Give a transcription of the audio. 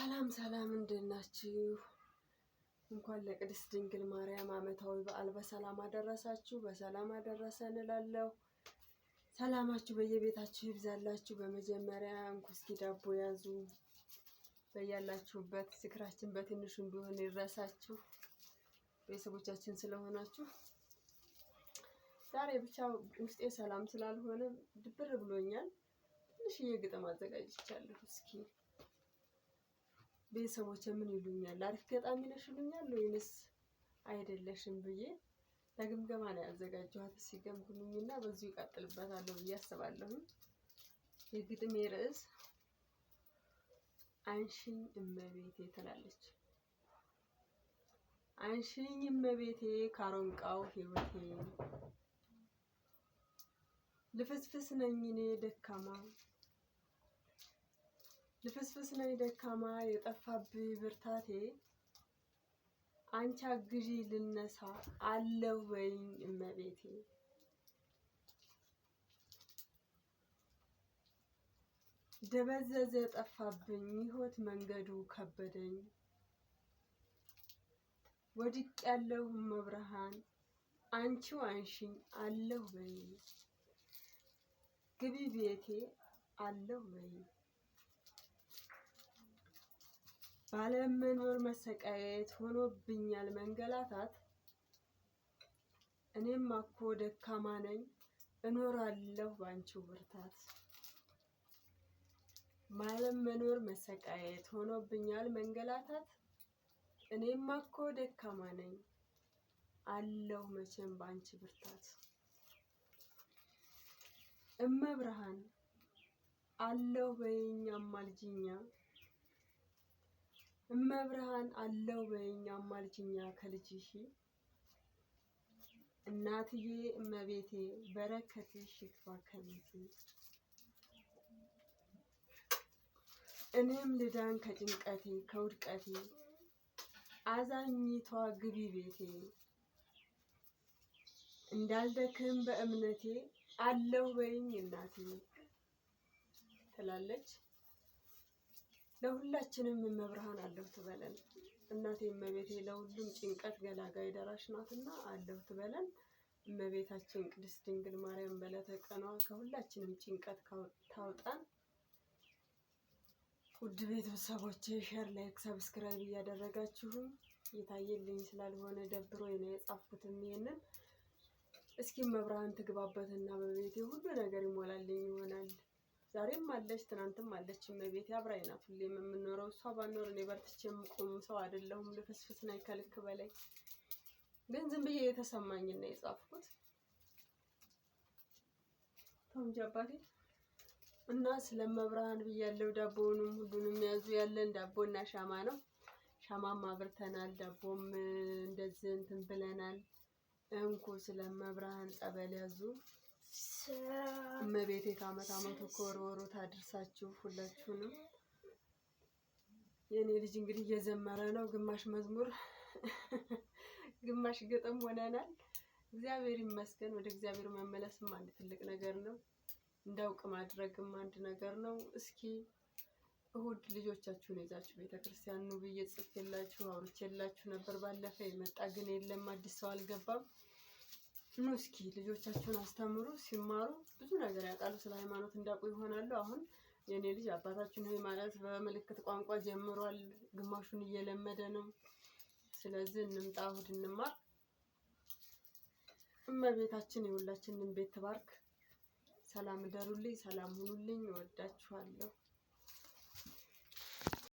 ሰላም ሰላም፣ እንዴት ናችሁ? እንኳን ለቅድስት ድንግል ማርያም ዓመታዊ በዓል በሰላም አደረሳችሁ፣ በሰላም አደረሰን እላለሁ። ሰላማችሁ በየቤታችሁ ይብዛላችሁ። በመጀመሪያ እንኩስኪ ዳቦ ያዙ። በያላችሁበት ዝክራችን በትንሹም ቢሆን ይረሳችሁ ቤተሰቦቻችን ስለሆናችሁ ዛሬ ብቻ ውስጤ ሰላም ስላልሆነ ድብር ብሎኛል። ትንሽዬ ግጥም አዘጋጅቻለሁ እስኪ ቤተሰቦች ምን ይሉኛል፣ አሪፍ ገጣሚ ነሽ ይሉኛል ወይንስ አይደለሽም ብዬ ለግምገማ ነው ያዘጋጀኋት። ሲገምግሙኝና በዚሁ ይቀጥልበታለሁ ብዬ አስባለሁ። የግጥሜ ርዕስ አንሽኝ እመቤቴ ትላለች። አንሽኝ እመቤቴ ካሮንቃው ህይወቴ ልፍስፍስ ነኝ እኔ ደካማ ልፍስፍስ ነኝ ደካማ የጠፋብኝ ብርታቴ አንቺ አግዢ ልነሳ አለው በይኝ እመቤቴ። ደበዘዘ ጠፋብኝ ይሆት መንገዱ ከበደኝ ወድቅ ያለው መብርሃን አንቺው አንሽኝ አለው በይኝ ግቢ ቤቴ አለው በይኝ ባለመኖር መሰቃየት ሆኖብኛል መንገላታት። እኔም አኮ ደካማ ነኝ እኖራለሁ ባንቺው ብርታት። ባለመኖር መሰቃየት ሆኖብኛል መንገላታት። እኔም አኮ ደካማ ነኝ አለሁ መቼም ባንቺ ብርታት። እመብርሃን አለሁ በይኛ አማልጅኛ እመብርሃን አለው በይኝ አማልጅኛ ከልጅሽ እናትዬ እመቤቴ በረከትሽ ይግባ ከቤቴ እኔም ልዳን ከጭንቀቴ ከውድቀቴ አዛኝቷ ግቢ ቤቴ እንዳልደክም በእምነቴ አለው በይኝ እናቴ ትላለች። ለሁላችንም መብርሃን አለው ትበለን እናቴ እመቤቴ ለሁሉም ጭንቀት ገላጋይ ደራሽ ናትና አለው ትበለን። እመቤታችን ቅድስት ድንግል ማርያም በዕለተ ቀኗ ከሁላችንም ጭንቀት ታውጣን። ውድ ቤተሰቦቼ ሸር፣ ላይክ፣ ሰብስክራይብ እያደረጋችሁም የታየልኝ ስላልሆነ ደብሮ ነው የጻፍኩትም ይሄንን እስኪ መብርሃን ትግባበትና በቤቴ ሁሉ ነገር ይሞላልኝ ዛሬም አለች፣ ትናንትም አለች። እመቤቴ አብራኝ ናት ሁሌም የምኖረው እሷ ባኖር እኔ በርትቼ የምቆም ሰው አይደለሁም። ልፍስፍስ ናይ ከልክ በላይ ግን ዝም ብዬ ና የጻፍኩት ተው አባቴ እና ስለ መብርሃን ብያለሁ። ዳቦውንም ሁሉንም ያዙ ያለን ዳቦና ሻማ ነው። ሻማም አብርተናል። ዳቦም እንደዚህ እንትን ብለናል። እንኩ ስለ መብርሃን ጸበል ያዙ እመቤቴ ከአመት አመቱ ከወር ወሩ ታድርሳችሁ ሁላችሁንም። የእኔ ልጅ እንግዲህ እየዘመረ ነው። ግማሽ መዝሙር ግማሽ ግጥም ሆነናል። እግዚአብሔር ይመስገን። ወደ እግዚአብሔር መመለስም አንድ ትልቅ ነገር ነው። እንዳውቅ ማድረግም አንድ ነገር ነው። እስኪ እሁድ ልጆቻችሁን ይዛችሁ ቤተክርስቲያን ኑ ብዬ ጽፌላችሁ አውርቼላችሁ ነበር። ባለፈ የመጣ ግን የለም፣ አዲስ ሰው አልገባም። ኑ እስኪ ልጆቻችሁን አስተምሩ። ሲማሩ ብዙ ነገር ያውቃሉ፣ ስለ ሃይማኖት እንዳውቁ ይሆናሉ። አሁን የእኔ ልጅ አባታችን ሆይ ማለት በምልክት ቋንቋ ጀምሯል፣ ግማሹን እየለመደ ነው። ስለዚህ እንምጣ እሑድ እንማር። እመቤታችን የሁላችንን ቤት ትባርክ። ሰላም እደሩልኝ፣ ሰላም ሁኑልኝ። እወዳችኋለሁ።